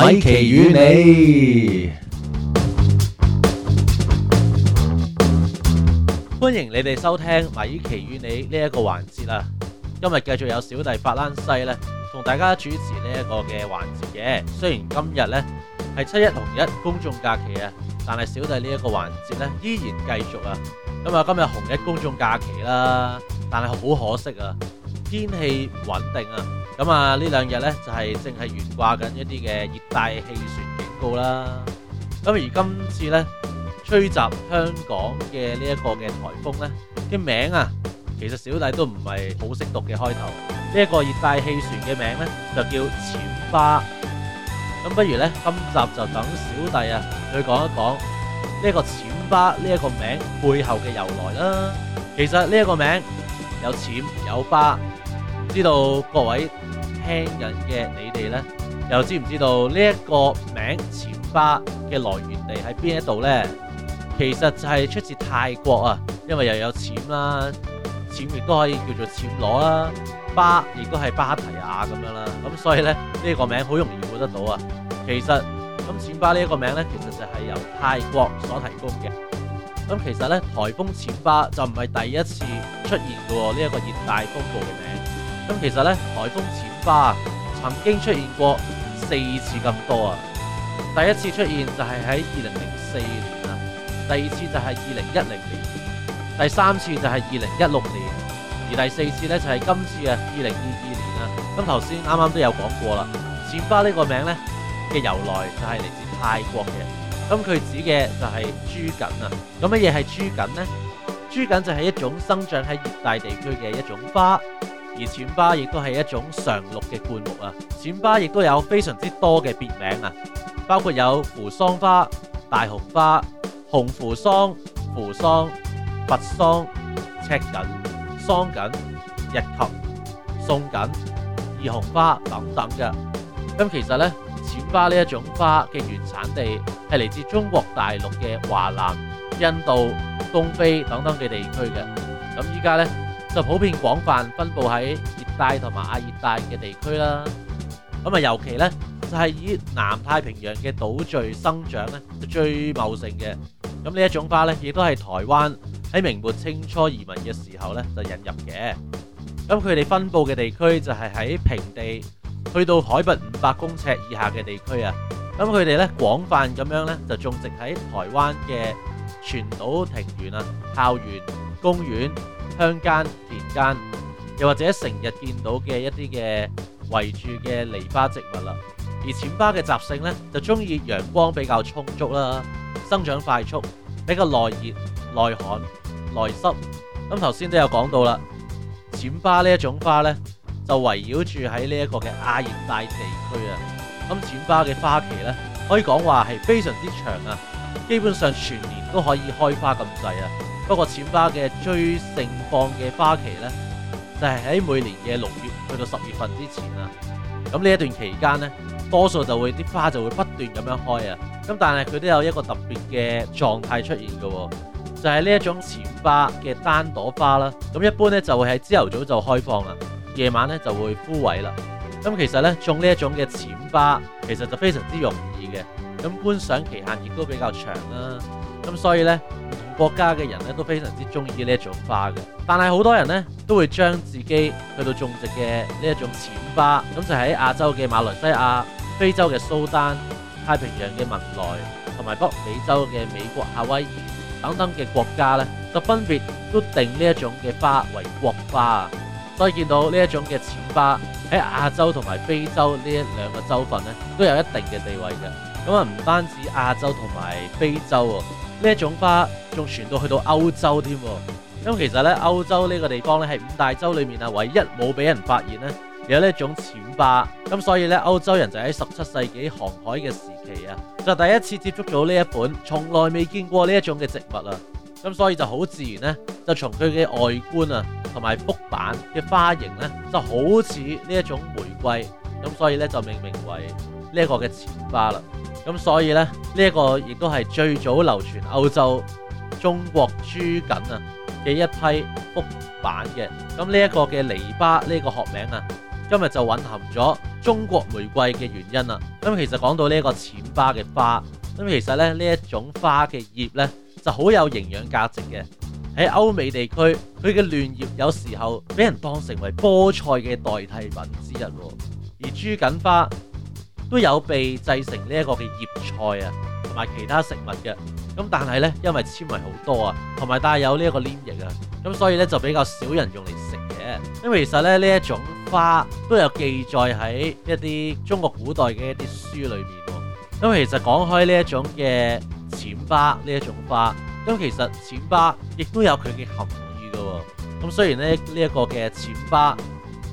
米奇與，與你，歡迎你哋收聽米奇與你呢一個環節啦。今日繼續有小弟法蘭西咧同大家主持呢一個嘅環節嘅。雖然今日咧係七一同一公眾假期啊，但係小弟呢一個環節咧依然繼續啊。咁啊，今日紅一公眾假期啦，但係好可惜啊，天氣不穩定啊。咁啊，呢兩日咧就係正係懸掛緊一啲嘅熱帶氣旋警告啦。咁而今次咧吹襲香港嘅呢一個嘅台風咧，啲名啊，其實小弟都唔係好識讀嘅開頭。呢一個熱帶氣旋嘅名咧就叫暹芭。咁不如咧，今集就等小弟啊去講一講呢一個暹芭呢一個名背後嘅由來啦。其實呢一個名有暹有芭。知道各位聽緊嘅你哋呢，又知唔知道呢一個名暹芭嘅來源地喺邊一度呢？其實就係出自泰國啊，因為又有暹啦，暹亦都可以叫做暹羅啦，芭亦都係芭提雅咁樣啦，咁所以呢，呢個名好容易會得到啊。其實咁暹芭呢一個名呢，其實就係由泰國所提供嘅。咁其實呢，台風暹芭就唔係第一次出現嘅喎，呢一個熱帶風暴嘅名。咁其實咧，颱風暹芭曾經出現過四次咁多啊！第一次出現就係喺二零零四年啊，第二次就係二零一零年，第三次就係二零一六年，而第四次咧就係今次嘅二零二二年啊。咁頭先啱啱都有講過啦，暹芭呢個名咧嘅由來就係嚟自泰國嘅。咁佢指嘅就係朱槿啊。咁乜嘢係朱槿呢？朱槿就係一種生長喺熱帶地區嘅一種花。而暹芭亦都係一種常綠嘅灌木啊，暹芭亦都有非常之多嘅別名啊，包括有扶桑花、大紅花、紅扶桑、扶桑、佛桑、赤槿、桑槿、日及、松槿、二紅花等等嘅。咁其實咧，暹芭呢一種花嘅原產地係嚟自中國大陸嘅華南、印度、東非等等嘅地區嘅。咁依家咧。就普遍廣泛分布喺熱帶同埋亞熱帶嘅地區啦。咁啊，尤其呢，就係以南太平洋嘅島嶼生長呢最茂盛嘅。咁呢一種花呢，亦都係台灣喺明末清初移民嘅時候呢就引入嘅。咁佢哋分布嘅地區就係喺平地，去到海拔五百公尺以下嘅地區啊。咁佢哋呢，廣泛咁樣呢，就種植喺台灣嘅全島庭園啊、校園、公園、鄉間、田間，又或者成日見到嘅一啲嘅圍住嘅梨花植物啦。而暹芭嘅習性呢，就中意陽光比較充足啦，生長快速，比較耐熱、耐寒、耐濕。咁頭先都有講到啦，暹芭呢一種花呢，就圍繞住喺呢一個嘅亞熱帶地區啊。咁暹芭嘅花期呢，可以講話係非常之長啊，基本上全年都可以開花咁滯啊。不過，淺花嘅最盛放嘅花期呢，就係喺每年嘅六月去到十月份之前啊。咁呢一段期間呢，多數就會啲花就會不斷咁樣開啊。咁但係佢都有一個特別嘅狀態出現嘅喎，就係呢一種淺花嘅單朵花啦。咁一般呢就會喺朝頭早就開放啦，夜晚呢就會枯萎啦。咁其實呢種呢一種嘅淺花其實就非常之容易嘅，咁觀賞期限亦都比較長啦。咁所以呢。國家嘅人咧都非常之鍾意呢一種花嘅，但係好多人呢都會將自己去到種植嘅呢一種淺花，咁就喺亞洲嘅馬來西亞、非洲嘅蘇丹、太平洋嘅文萊同埋北美洲嘅美國夏威夷等等嘅國家呢，就分別都定呢一種嘅花為國花啊！所以見到呢一種嘅淺花喺亞洲同埋非洲呢一兩個州份呢，都有一定嘅地位嘅，咁啊唔單止亞洲同埋非洲喎。呢一種花仲傳到去到歐洲添，咁其實咧歐洲呢個地方咧係五大洲裏面啊唯一冇俾人發現咧，有呢一種暹芭，咁所以咧歐洲人就喺十七世紀航海嘅時期啊，就第一次接觸到呢一本，從來未見過呢一種嘅植物啦，咁所以就好自然呢，就從佢嘅外觀啊同埋幅板嘅花型呢，就好似呢一種玫瑰，咁所以咧就命名為呢一個嘅暹芭啦。咁所以呢，呢、這、一個亦都係最早流傳歐洲中國朱槿啊嘅一批復版嘅。咁呢一個嘅泥巴呢、這個學名啊，今日就隱含咗中國玫瑰嘅原因啦。咁其實講到呢一個暹芭嘅花，咁其實咧呢一種花嘅葉呢，就好有營養價值嘅。喺歐美地區，佢嘅嫩葉有時候俾人當成為菠菜嘅代替品之一。而朱槿花，都有被製成呢一個嘅葉菜啊，同埋其他食物嘅。咁但係呢，因為纖維好多啊，同埋帶有呢一個黏液啊，咁所以呢，就比較少人用嚟食嘅。因為其實咧呢一種花都有記載喺一啲中國古代嘅一啲書裏面喎。咁其實講開呢一種嘅暹芭花呢一種花，咁其實暹芭花亦都有佢嘅含義嘅喎。咁雖然呢，呢一個嘅暹芭花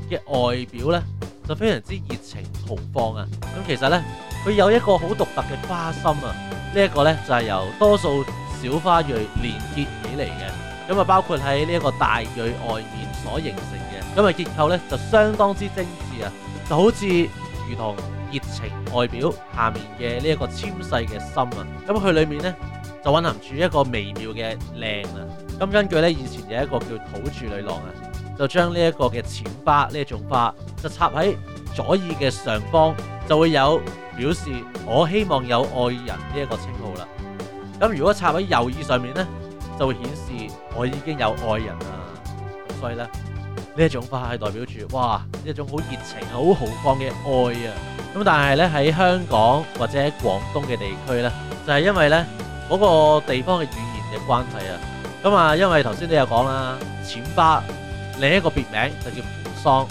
嘅外表呢。就非常之熱情豪放啊！咁其實呢，佢有一個好獨特嘅花心啊！呢一個呢，就係由多數小花蕊連結起嚟嘅，咁啊包括喺呢一個大蕊外面所形成嘅，咁啊結構呢，就相當之精緻啊！就好似如同熱情外表下面嘅呢一個纖細嘅心啊！咁佢裏面呢，就藴含住一個微妙嘅靚啊！咁根據呢，以前有一個叫土著女郎啊。就將呢一個嘅暹芭呢一種花就插喺左耳嘅上方，就會有表示我希望有愛人呢一個稱號啦。咁如果插喺右耳上面呢，就會顯示我已經有愛人啦。所以咧，呢一種花係代表住哇一種好熱情好豪放嘅愛啊。咁但係呢，喺香港或者喺廣東嘅地區呢，就係、是、因為呢嗰、那個地方嘅語言嘅關係啊。咁啊，因為頭先都有講啦，暹芭。另一個別名就叫扶桑，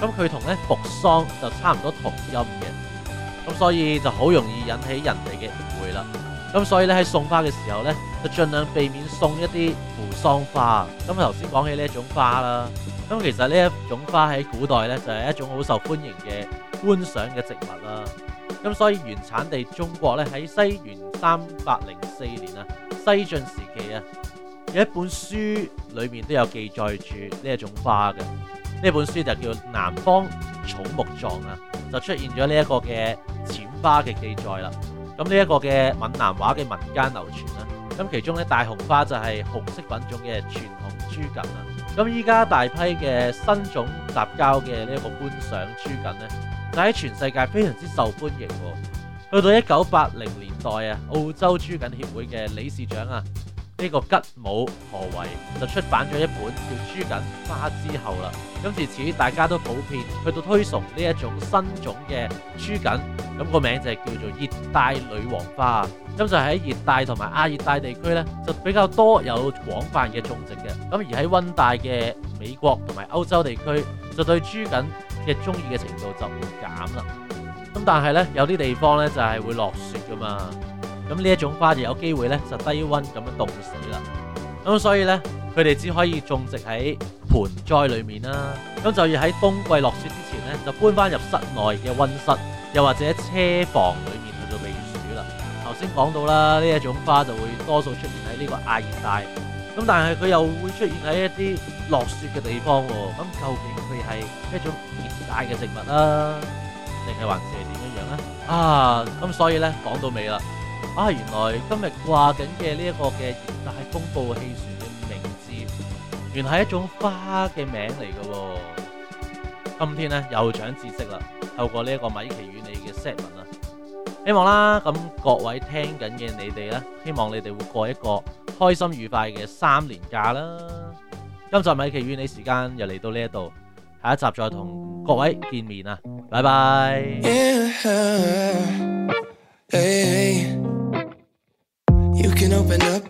咁佢同咧扶桑就差唔多同音嘅，咁所以就好容易引起人哋嘅誤會啦。咁所以咧喺送花嘅時候咧，就盡量避免送一啲扶桑花。咁頭先講起呢一種花啦，咁其實呢一種花喺古代咧就係一種好受歡迎嘅觀賞嘅植物啦。咁所以原產地中國咧喺西元三百零四年啊，西晉時期啊。有一本書裏面都有記載住呢一種花嘅，呢本書就叫《南方草木狀》啊，就出現咗呢一個嘅淺花嘅記載啦。咁呢一個嘅閩南話嘅民間流傳啦，咁其中咧大紅花就係紅色品種嘅傳統朱槿啊。咁依家大批嘅新種雜交嘅呢一個觀賞朱槿呢，就喺全世界非常之受歡迎。去到一九八零年代啊，澳洲朱槿協會嘅理事長啊。呢、這個吉姆何為就出版咗一本叫《豬梗花之後了》啦。咁自此大家都普遍去到推崇呢一種新種嘅豬梗，咁個名就係叫做熱帶女王花。咁就喺熱帶同埋亞熱帶地區呢，就比較多有廣泛嘅種植嘅。咁而喺溫帶嘅美國同埋歐洲地區，就對豬梗嘅中意嘅程度就會減啦。咁但係呢，有啲地方呢，就係、是、會落雪噶嘛。咁呢一種花就有機會咧就低溫咁樣凍死啦。咁所以咧佢哋只可以種植喺盆栽裏面啦。咁就要喺冬季落雪之前咧就搬翻入室內嘅溫室，又或者車房裏面去做避暑啦。頭先講到啦，呢一種花就會多數出現喺呢個亞熱帶。咁但係佢又會出現喺一啲落雪嘅地方喎。咁究竟佢係一種熱帶嘅植物啦，定係還是係點樣樣咧？啊，咁所以咧講到尾啦。啊！原來今日掛緊嘅呢一個嘅熱帶風暴氣旋嘅名字，原係一種花嘅名嚟嘅喎。今天呢，又長知識啦，透過呢一個米奇與你嘅節目啊。希望啦，咁各位聽緊嘅你哋咧，希望你哋會過一個開心愉快嘅三連假啦。今集米奇與你時間又嚟到呢一度，下一集再同各位見面啦！拜拜。Yeah. Hey.